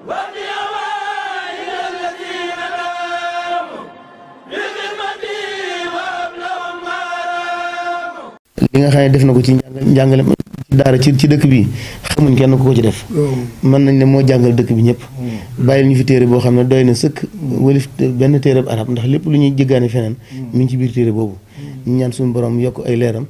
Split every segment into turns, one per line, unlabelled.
li nga xam ne def na ko ci njàngale daara ci dëkk bi xamuñ kenn ku ko ci def mën nañ ne moo jàngal dëkk bi ñëpp hmm. bàyyil ñu fi téere boo xam ne doy na sëkk walif benn téereb arab ndax lépp lu ñuy jéggaani feneen mu hmm. ngi ci biir téere boobu hmm. ñu ñaan suñu borom yokk ay leeram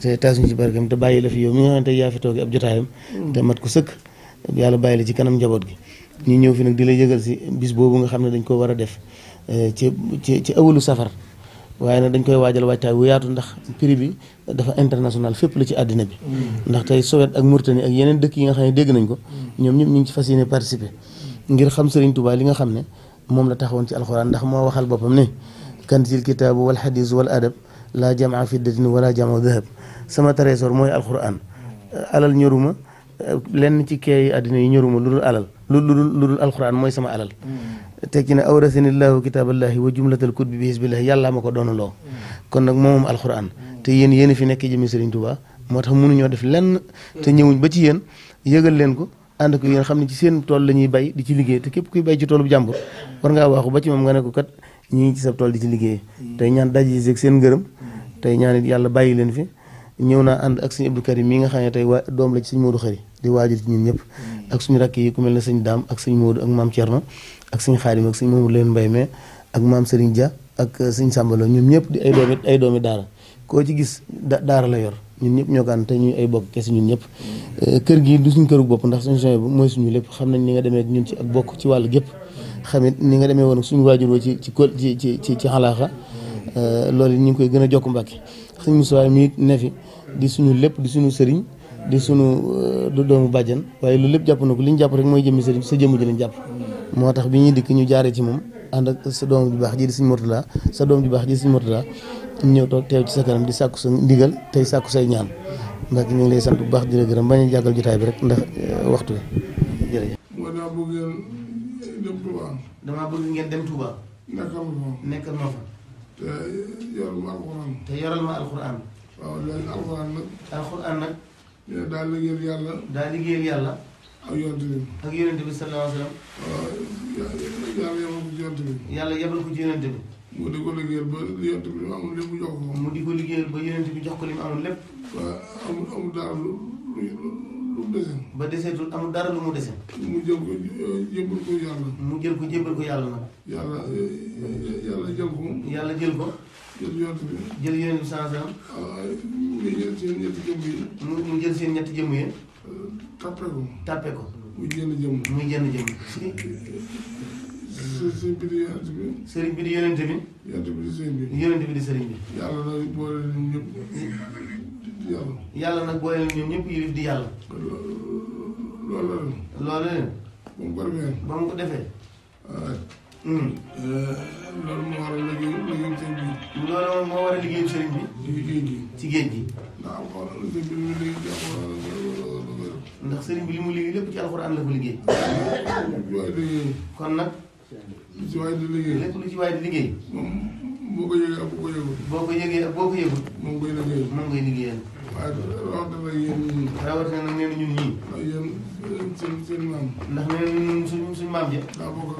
te taas ñu ci barkeem te bàyyi la fi yow mi nga xam ne tey ab jotaayam te mat ko sëkk yàlla bàyyi la ci kanam njaboot gi ñu ñëw fi nag di la yëgal si bis boobu nga xam ne dañ ko war a def eh, ci ci ci safar waaye nag dañ koy waajal waajtaay wu yaatu ndax prix bi dafa international fépp la ci àddina bi mm. ndax tey Sowét ak Mauritanie ak yeneen dëkk yi nga xam ne dégg nañ ko mm. ñoom ñëpp ñu ngi ci ne yéene participer mm. ngir xam Serigne Touba li nga xam ne moom la taxawoon ci alxuraan ndax moo waxal boppam ne kanzil kitaabu wal xadis wal adab laa jamaa fiddatin wala jamaa dahab sama trésor mooy alxuraan alal ñoruma len ci keey adina yi ñoruma lu alal lul lul alquran moy sama alal tekki ne awrasani llahu kitaaballahi wa jumlatul kutbi bi hisbillahi yàllaa ma ko doonaloo kon nak mom alquran te yeen yeen fi nek jëmi Serigne Touba motax tax ñoo def len te ñewuñ ba ci yeen yëgal len ko and ko yeen xamni ci seen tol lañuy bay di ci liggey te kep kuy bay ci tolu jambur war nga waxu ba ci mom nga ne ko kat ñi ci sa tol di ci liggey tey ñaan daji seeg seen ngeerum tey ñaan it yàlla bayi leen fi ñewna and ak sëñ Abdou Karim mi nga xamne tay tey doom la ci sëñ Modou Xari di waajur ci ñun ñëpp mm. ak suñu rakk yi ku mel ne sëñ daam ak sëñ Modou ak maam Thierno ak sëñ Xaadim ak sëñ Mamadou Leen Mbay mais ak maam Serigne ja ak euh, sëñ Sàmbalo ñoom ñëpp di ay doomi ay doomi daara koo ci gis daara la yor ñun ñëpp ñoo ko ay bokk kese ñun ñëpp mm. euh, kër gi du këru bopp ndax suñu soñ bu mooy suñu lépp xam nañ ni nga demee ñun ci ak bokk ci wàll gépp xamit ni nga demee woon suñu waajur woo ci ci kol ci ci ci ci xalaaxa mm. euh, loolu ñu ngi koy gën a jokk mbàkke sëñ Moussa mii ne fi di suñu lépp di suñu sëriñ di sunu eh, du doomu bàjjan waye lu lepp japp nako liñ japp rek moy jëmi serigne sa jëmu ji lañ jàpp moo bi ñi dik ñu jaaree ci mom and ak sa doom ju bax ji di serigne Murtala sa doom ju bax ji serigne sëriñ Murtala ñu ñëw toog teew ci sa kanam di sakku sa ndigal tay sakku say ñaan ndax ñu ngi lay sant bu bax di la bañu jagal jotaay bi rek ndax eh, waxtu bi jërëjëf dama bëgg ngeen dem Touba nekkal ma fa nekkal mo fa te yaral ma alquran te yaral ma alquran wa léegi alquran nak alquran nak ñu daal liggéeyal yàlla. daal liggéeyal yàlla. ak yonent bi. ak yonent bi sallallahu alayhi wa yàlla ko ci yonent bi. yàlla ba yonent bi li jox ko. mu lépp. ba deseetul amul dara lu mu dese. jël ko jébbal yàlla. jël ko yàlla nag. yàlla yàlla jël ko. yàlla jël ko. jël yoon bi. jël yoon bi sans am. waaw ah, mu jël seen ñetti jëmm yi. mu mu jël seen ñetti jëmm yi. Ah, tàppe ko. tàppe ko. muy jënd jëmm. muy jënd jëmm. sëriñ bi di yonent bi. sëriñ bi di yonent bi. yonent bi di sëriñ bi. yonent bi di sëriñ bi. yàlla nag boole leen ñëpp di yàlla. yàlla nag boole leen ñoom ñëpp yilif di yàlla. loolu la leen. loolu la leen. ba mu ko defee. ba mu ko defee. Ah. Hmm. Euh, loolu moo war a liggéey moo war a liggéeyu sëriñ bi. ci géej gi ci géej gi. waaw xoolal bi mu liggéey ci alxuraan ndax sëriñ bi li mu liggéey lépp ci alxuraan la ko liggéey. kon nag. lu ci waay di liggéey lépp lu ci waay di liggéey. boo ko yëgee boo ko yëgul. boo ko yëgul. moom ngay liggéeyal moom waaye loolu dafa yéen ñun. rawatina nag nee na ndax nee na ñun suñ suñ maam ja. daa bokk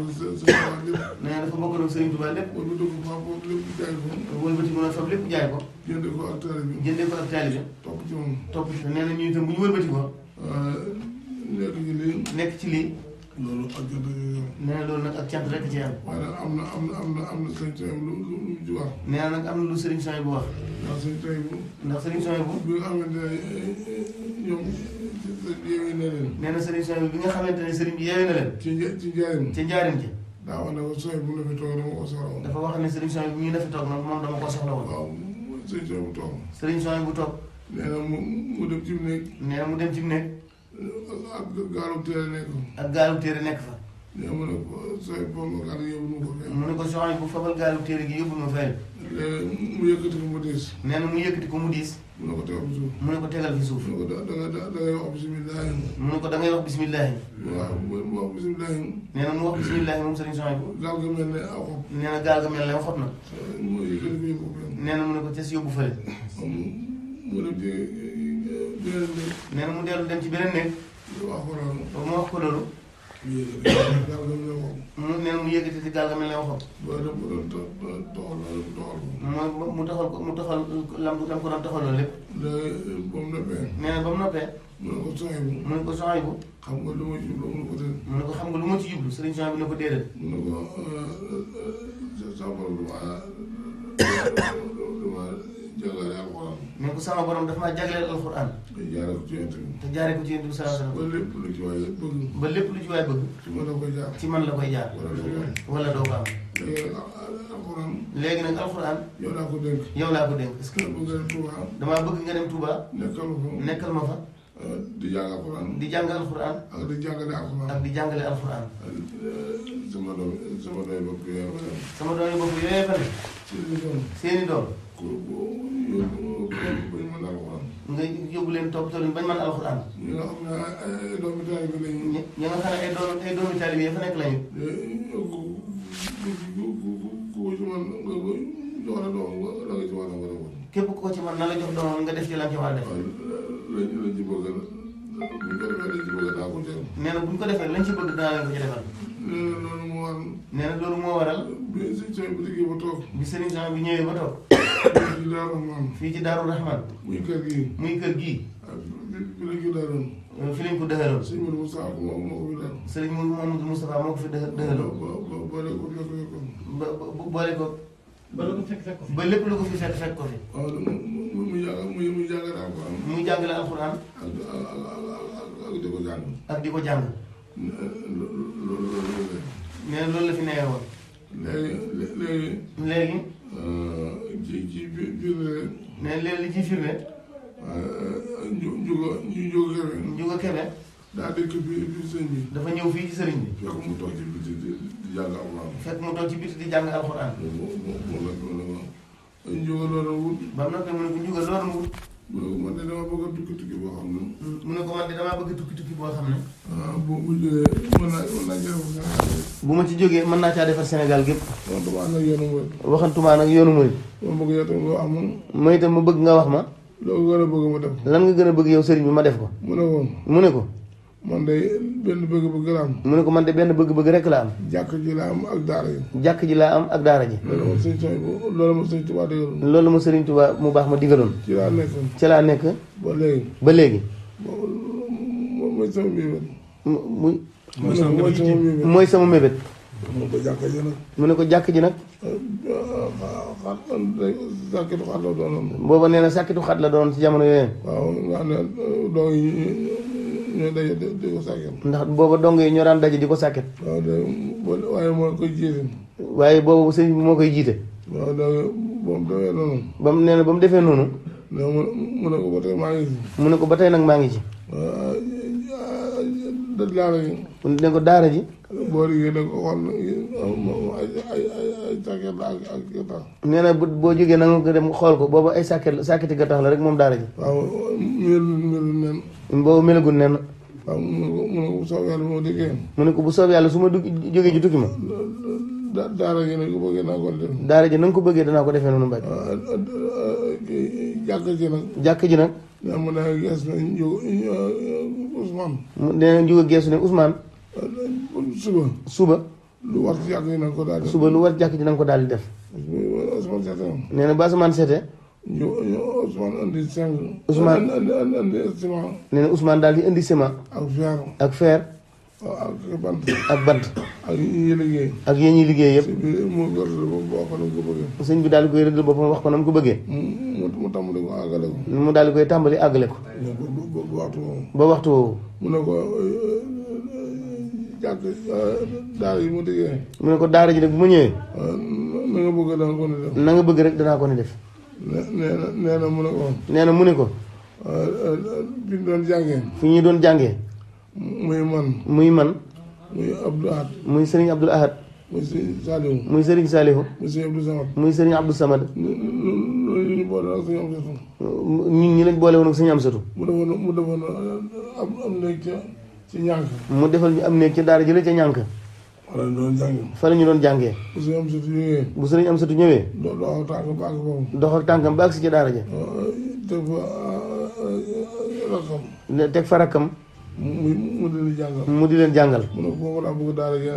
dafa bokk ak sëriñ Tuubaa lépp. wala dugg faa ko. wala bëti mën a fab lépp jaay ko. jëndee ko ak taalibe bi. jëndee ko ak taalibe bi. topp ci moom. topp ci nee na ñun itam bu ñu wëlbati ko. nekk ci lii. nekk ci lii. loolu ak cant rek. nee na loolu nag ak cant rek ci yàlla. waaye nag am na am na am na am na sëriñ Souhaïbou lu lu lu ci wax. nee na nag am na lu sëriñ Souhaïbou wax. ndax sëriñ Souhaïbou. ndax sëriñ Souhaïbou. bi nga xamante ne eh, eh, eh, ñoom yeewee na leen. nee na sëriñ Souhaïbou bi nga xamante ne sëriñ bi yeewee na leen. ci një ci njaarim. ci njaarim ci. daa wax ne ko Souhaïbou na fi toog dama ko soxla woon. dafa wax ne sëriñ Souhaïbou bu ñu na fi toog nag moom dama ko soxla woon. waaw sëriñ Souhaïbou toog. sëriñ Souhaïbou toog. nee na mu mu dem ci mu nekk. nee na mu dem ci mu nekk. ak gaalub téere nekk fa. ak gaalub téere nekk fa. ñoo mën a ko gi yóbbu ma mu ne ko soxna bu fabal gaalub téere gi yóbbu ma fee. Eh, mu yëkkati ko mu diis. nee mu yëkkati ko mu diis. mu ne ko tegal fi suuf. mu ne ko tegal fi suuf. mu ne ko da da da ngay wax bisimilah. mu ne ko da wax bisimilah. mu mu wax bisimilah moom sëriñ soxna bi. ga mel ne aw xob. na ne xob na. nee na mu dellu dem ci beneen néeg. mu wax ko loolu. mu nee na mu yëkkati si gàllankoor la waxoon. mooy mu doxal ko mu doxal lam lam ko doon doxaloo lépp. nee na ba mu noppee. mu ne ko soxaybu. mu ko xam nga lu ma jublu mu ne ko déedéet. xam nga lu ma ci jublu sëriñ soxaybu ko déedéet. mu lépp sama borom daf maa jagleel alxuraan. te jaaree ko ci yonent bi. lépp lu ci waay bëgg. ba lépp lu bëgg. ci man la am. léegi nag alxuraan. yow laa ko bëgg euh, euh, sama doom sama doom yooyu. sama doom seeni doom.
nga yóbbu leen topp tool bañ mën a alxuraan. ñi nga xam ne ay doomi taalibe lañu. ñi
nga xam ne ay doom ci man na la jox doom nga def ci lan ci war def. waaw lañ lañ ko defee lañ ci bëgg danaa leen ko ci bi liggéey ba toog. ñëwee ba toog. fii ci Daaru Rahman. fii ci muy kër gii. muy kër gii. ah fi dëhëroon. fi lañ dëhëroon. Euh, sëriñ Modou Moustapha moom moo ko fi daan. sëriñ Modou Moustapha moo ko fi dëhëroon. boole ko boole ko. ba lépp lu ko fekk fekk ko fi. ba lépp lu alxuraan. muy jàngale jàng. loolu loolu la fi léegi léegi. Euh, léegi. ci ci biir biir. mais léegi ci firnde. daa dëkk bi biir sëriñ bi. dafa ñëw fii ci sëriñ bi. fekk mu toog ci biti di jàng alxuraan. fekk mu toog ci biti di jàng alxuraan. moom moom moom la ñu jóg loolu ba mu ne ko ñu loolu wut. mu ne ko bëgg a tukki tukki boo xam ne. Mm, mu ne ko man de damaa bëgg tukki tukki boo xam ne. bu ma ci jógee mën naa caa defar Sénégal gépp. waxantumaa nag yoonu Mouride. yoonu Mouride. ma bëgg yow nga wax ma. ma itam bëgg nga wax ma. loo gën a bëgg ma def lan nga gën a bëgg yow sëriñ bi ma def ko. mu ko. mu ne ko. man de benn bëgg-bëgg la am. mu ne ko man de benn bëgg-bëgg rek la am. jàkk ji la am ak daara ji. laa am ak daara ji. loolu ma sëriñ Tuubaa loolu ma mu baax ma digaloon. ci laa nekk. ci laa nekk. ba léegi. ba léegi.
mooy sama mébét.
mu mooy sama mébét mooy sama mébét.
mu ne ko jàkk ji nag.
mu ne ko jàkk ji nag.
sàkkitu xat
nee na sàkkitu xat la doon ci jamono yooyu. waaw nga xam ne euh, doo ñoo daje di ko sàkket. ndax booba dong yi ñoo daan daje di ko sàkket. waaye moo koy moo koy jiite. waaw de ba mu defee noonu. mu nee na ba mu defee noonu. mu ne ko ba tey maa ngi ci. mu ne ko nag maa ngi ci. daara ji. ne ko daara ji. boo liggéey da nga ko xool ay ay nee na boo jógee na nga ko dem xool ko boobu ay sàkket sàkketi gattax la rek moom daara ji. waaw melul nen. boobu melagul nen. waaw ne ko bu soob yàlla bu mu ne ko bu soob yàlla su ma dugg jógee ji tukki ma. daara ji na ko bëggee ji na ko bëggee danaa ko defee noonu mbàcc. Ah, ah, ah, jàkk ji nag. jàkk ji nag. mu ne gees jóge geesu ne Ousmane. suba. suba. lu war ci jàkk ji ko daal def. suba lu war jàkk ji ko daal di def. nee ba asamaan seete. ñu ñu Ousmane indi daal di indi ciment. ak fer. ak fer. Ah, ak bant. ak bant. ak yi ñuy liggéey. ak yi ñuy liggéey yëpp. sëñ bi daal di koy rëdd boppam wax ko na mu ko bëggee. mu tàmbali ko àggale ko. daal di koy tàmbali àggale ko. ba waxtu woowu. mu ne ko.
jàpp eh, daara yi mu diggee.
mu ne ko daara ji nag bu ma ñëwee. Eh,
na nga bëgg danaa ko ne def. na
nga bëgg rek danaa ko ne def. nee na
nee na mu ne ko.
nee na mu ne ko. Eh, fi ñu doon jàngee. fi ñu doon jàngee. muy man. muy man. muy Abdou Ahad. muy Serigne Abdoul Ahad. muy Serigne Salihu. muy Serigne Salihu. muy Serigne Abdou Samad. muy Serigne Abdou Samad. ñu boole lañ boole woon ak Serigne Amsatu. mu defoon mu defoon
am am
ci ñànk. mu defal ñu am néeg ci daara jële ca ñànk. fan lañ doon jàngee. fa bu sëriñ am sëtu ñëwee. am sëtu ñëwee. dox ak tànkam ba àgg foofu. dox ak tànkam ba àgg si daara ja. Eh, eh, teg fa rakkam. mu di leen jàngal. mu di leen jàngal. ne foofu laa bëgg daara ji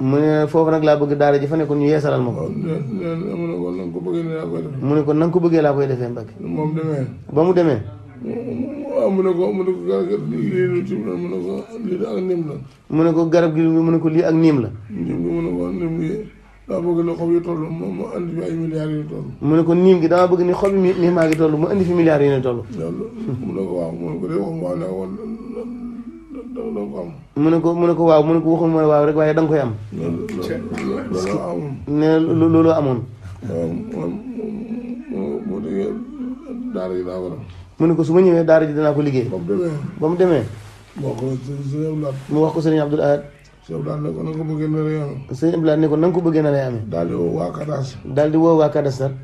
nag laa bëgg daara ji fa nekkoon ñu yeesalal ma ko. mu ne
ko na nga ko bëggee laa koy defee.
mu ne ko na ko bëggee laa koy defee Mbacke. moom ba mu demee.
waaw
mu ne ko la mu ne ko garab gi mu ne lii ak niim la. niim gi mu ne ko yu toll. mu ne ko niim gi daa bëgg ni xob yi niimaa gi toll mu andi fi milliards yu mu ne ko waaw mu ne ko waxuma waaw ne ko da nga rek waaye danga koy am.
loolu amoon. nee loolu
amoon. waaw man yi daa mu ne ko su ma ñëwee daara ji danaa ko liggéey. ba mu demee mu wax ko sëriñ Abdul Ahad. sëñ Abdoulaye ne ko na nga ko bëggee na lay amee. sëñ Abdoulaye ne ko na nga ko bëggee na lay amee. daal di woo waa Kadas. daal di woo waa Kadas nag.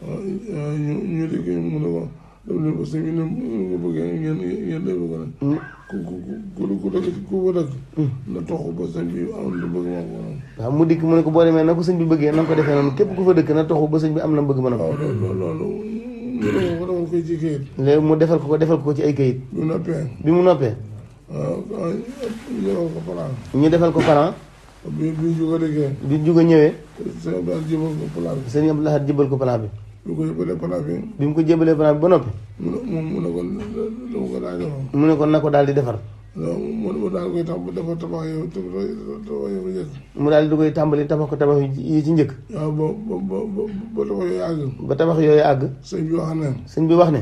ñu ñu liggéey mu ne ko def leen ko sëñ bi ne mu ko bëggee ngeen ngeen def ko ne. Mm. ku ku ku ku dëkk ku ko dëkk. Mm. na toxu ba sëñ bi am lu bëgg ma ko woon. waaw mu dikk mu ne ko boo demee na ko sëñ bi bëggee na nga ko defee noonu képp ku fa dëkk na toxu ba sëñ bi am na bëgg mën a. waaw loolu loolu.
léegi
mu defal ko ko defal ko ci ay kayit. bi mu noppee. bi mu noppee. ñu defal ko plan. bi bi Juga dikkee. ñëwee. sëñ Abdoulaye jébal ko plan bi. ko plan bi. bi mu ko jébalee plan ko jébalee plan bi ba noppi. mu ne ko mu ko daal na ko daal di defar. non moom mu daal mu daal di koy tàmbali tabax ko tabax yi ci njëkk. waaw ba ba tabax yooyu àgg. ba sëñ bi wax ne. sëñ bi wax ne.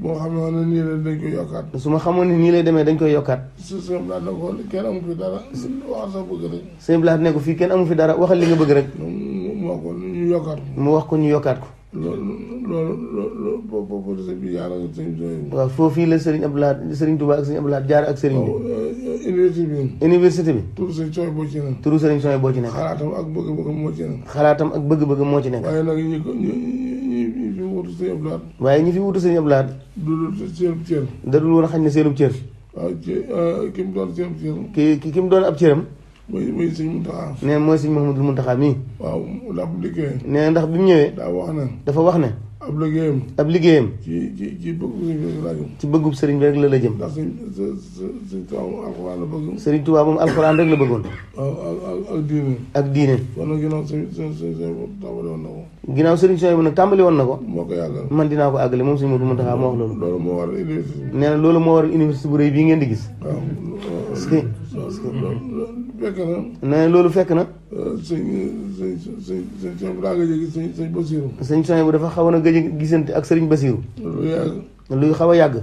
boo xamoon ne nii la dañ koy yokkaat. su ma xamoon ne nii lay demee dañ koy yokkaat.
su sëñ bi ne ko kenn amu fi dara waxal sa bëgg
sëñ bi ne ko fii kenn amu fi dara waxal li nga bëgg rek. mu wax ko ñu yokkaat ko. mu wax ko ñu yokkaat ko. loolu loolu loolu bi jaarale ak sëriñ Touba. waaw foofii la sëriñ Abdou Lahad sëriñ Touba ak sëriñ Abdou Lahad jaar ak sëriñ bi. Euh, euh, université bi. université bi. turu sëriñ Sooy boo ci nekk. boo ci nekk. xalaatam ak bëgg-bëgg moo ci nekk. xalaatam ak bëgg-bëgg moo ci nekk. waaye nag ñi ñi
fi wutu sëriñ Abdou Lahad.
waaye ñi fi wutu sëriñ Abdou Lahad. du seenub cër. da dul woon xañ ne seenub cër. waaw euh, ki ki mu doon doon ab cëram. mooy mooy sëñ Muntaxa. nee mooy sëñ waaw ndax bu liggéeyam. nee ndax bi mu ñëwee. daa wax dafa wax ne. ab liggéeyam. ci ci ci bëggu sëriñ bi rek jëm. ci bëggub sëriñ bi rek la la jëm. ndax sëñ la bëggoon. sëriñ Tuubaa moom alxuraan rek la bëggoon. ak ak diine. ak diine. kon nag ginnaaw sëriñ sëriñ sëriñ tàmbali na nag tàmbali woon na ko. moo man dinaa ko àggale moom sëñ Modou Mountakha moo wax loolu. loolu moo waral université bi. bu rëy bii ngeen di gis. waaw. fekk na. loolu fekk na. Euh, sëñ sëñ sëñ sëñ Sonia bu bu dafa xaw a gëj a gisante ak sëriñ Basiru. lu yàgg. luy xaw a yàgg.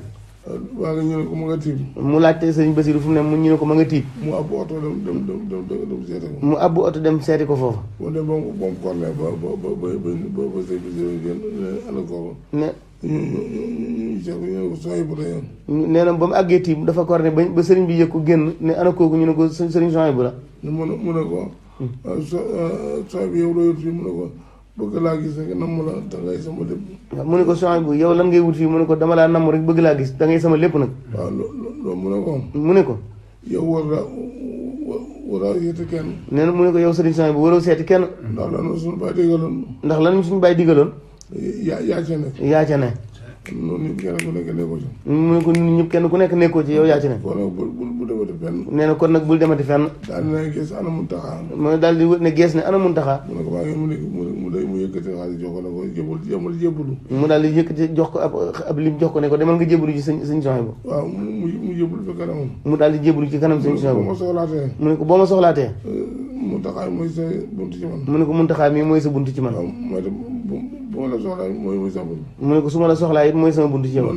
waa ñu ne ko ma nga sëñ Basiru fu mu ne mu ñu ne ko ma nga tiib. mu abbu oto dem seeti ko. mu abbu dem seeti ko foofu. mu ne ba mu ba mu corné ne ko. ne. ñu
ñu ñu ñu bu la yoon.
nee na ba mu àggee tiib dafa corné ba ba sëriñ bi yëkku génn ne ana kooku ñu ne ko sëriñ sooy bu la. mu ne a ne ko. Hmm. sooy bi yow ko. bëgg laa gis rek namm la dangay sama lépp. waaw mu ne ko soxna bu yow lan ngay wut fii mu ne ko dama laa namm rek bëgg laa gis dangay sama lépp nag. waaw loo mu ne ko am. mu ne ko. yow war la
waroo seeti kenn.
nee na mu ne ko yow sëriñ soxna bu waroo seeti kenn. ndax lan suñu bàyyi digaloon. ndax lan suñu bàyyi digaloon. yaa yaa ca ne. yaa ne. noonu ñun kenn ku nekk nekkoo ci. mu ne ko ñun ñëpp kenn ku nekk nekkoo ci yow yaa ci ne. kon nag bul bul demati fenn. nee na kon nag bul demati fenn. daal di ne gees ana Muntaxa. mu daal di ne gees ne ana Muntaxa. mu ne ko maa ngi mu ne mu ne mu yëkkati xaalis jox ko ne ko jébul jébul jébulu. mu daal di yëkkati jox ko ab ab lim jox ko ne ko demal nga jébulu ci sëñ sëñ Soxna bu. waaw mu mu mu jébul fi kanamam. mu daal di jébulu ci kanam sëñ Soxna bu. mu ne ko boo ma soxlaatee.
mu ne ko boo ma soxlaatee. Euh, Muntaxa mooy sa buntu ci man.
mu ne ko Muntaxa mii mooy sa buntu ci man. waaw mooy bu ma la soxlaa mooy ko su ma la soxlaa it mooy sama bunt ci yow.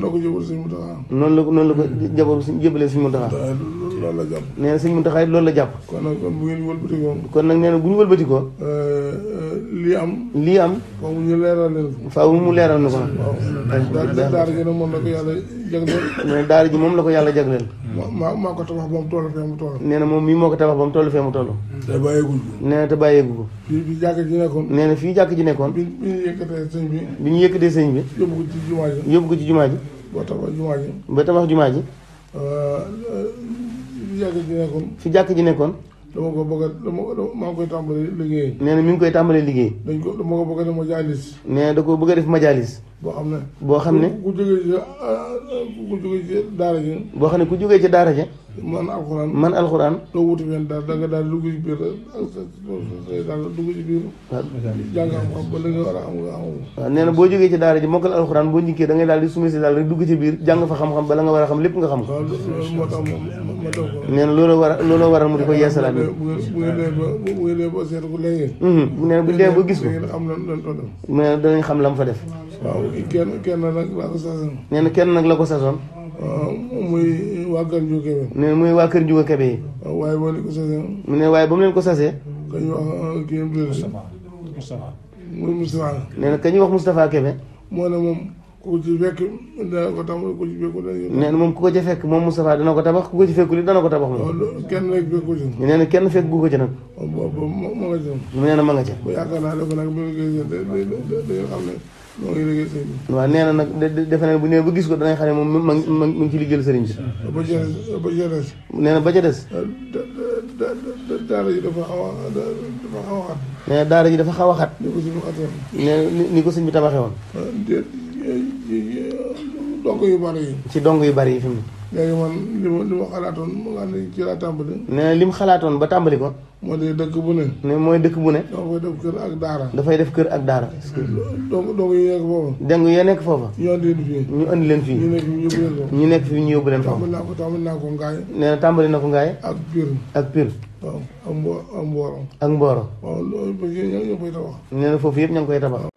noonu la ko jëbal suñu muntaxaa. noonu la ko noonu la ko jëbal suñu jëbalee suñu muntaxaa. loolu la jàpp. la jàpp. kon nag kon bu ngeen wëlbatikoo. kon na bu ñu lii am. lii am. faaw ñu mu leeral na ko
nag.
waaw daara ji moom la ko yàlla jagleel. ma na daara moom la ko yàlla jagleel.
maa ko tabax ba mu toll fee mu toll.
nee na moom mii moo ko tabax ba mu toll fee mu toll. te bàyyeegul ko. nee bàyyeegu ko. fii jàkk ji nekkoon. nee na fii jàkk ji nekkoon. bi bi ñu yëkkatee sëñ bi. bi ñu yëkkatee sëñ ci jumaa ji. yóbbu ko ci ba tabax jumaa ji. ba fi jàkk ji nekkoon. fi jàkk ji nekkoon. dama ko bëgg a dama koy tàmbalee liggéey. nee na mi ngi koy tàmbalee liggéey. dañ ko dama ko bëgg a def majaalis. nee da ko bëgg a def majaalis. boo xam ne. boo xam ne
ku jógee ci daara ji.
boo xam ne ku jógee ci daara ji.
man alxuraan man
alxuraan. doo wuti
benn daara da nga daal dugg ci biir daal dugg ci biir. waaw jàng xam-xam
ba li boo jógee ci daara ji mokkal alxuraan boo njëkkee da ngay daal di sumi si daal rek dugg ci biir jàng fa xam-xam bala nga war a xam lépp nga xam. waaw loolu moo tax moom
ma def ko.
nee loolu war a loolu waral mu di ko yeesalaat. bu bu
bu ngeen dee ba seet ko léegi. Mhm, nee na
bu danañ xam lam fa def. kenn kenn nag la ko sasoon. nee kenn nag la ko sasoon. waaw
muy waa kër Ndiouga
waa kër Ndiouga Kébé waaye boo mu ne waaye ba mu ko sasee. ka ñu wax ah, kii Moustapha Moustapha. muy Moustapha. ka ñu wax Moustapha Kébé. moo ne moom
ku ci fekk dana ko tabax ku ci fekkul dana ko. nee na
moom ku ko ci fekk moom Moustapha dana ko tabax ku ko ci fekkul dana ko tabax moom.
kenn rek fekku ci.
nee na kenn fekk ko ci nag. waaw boobu ma nga ca. nee na ma nga nag bu ñu gisee day waaw nee na nag defe naa bu nee ba gis ko danay xam ne moom man ma ngi ci liggéeyal sëriñ bi. ba ca ba ca des. nee na ba ca des.
daara ji dafa xaw a
daara ji dafa xaw a xat. ni ni ko sëñ bi tabaxee woon. dong yu bari yi. ci dong yu bari yi fi mu.
léegi man li ma xalaatoon mu nga ne ci laa tàmbali.
na li mu xalaatoon ba tàmbali ko. moo di dëkk mooy dëkk bu ne. dafay ak daara. dafay def kër ak daara. donc ya nekk foofa. ñu andi leen leen fii. ñu nekk fii ñu yóbbu leen ko
tàmbali
tàmbali na ko Ngaye. ak Pire. ak Pire. waaw ak Mbo loolu bëgg ñoo ngi foofu yëpp ñoo ngi koy tabax.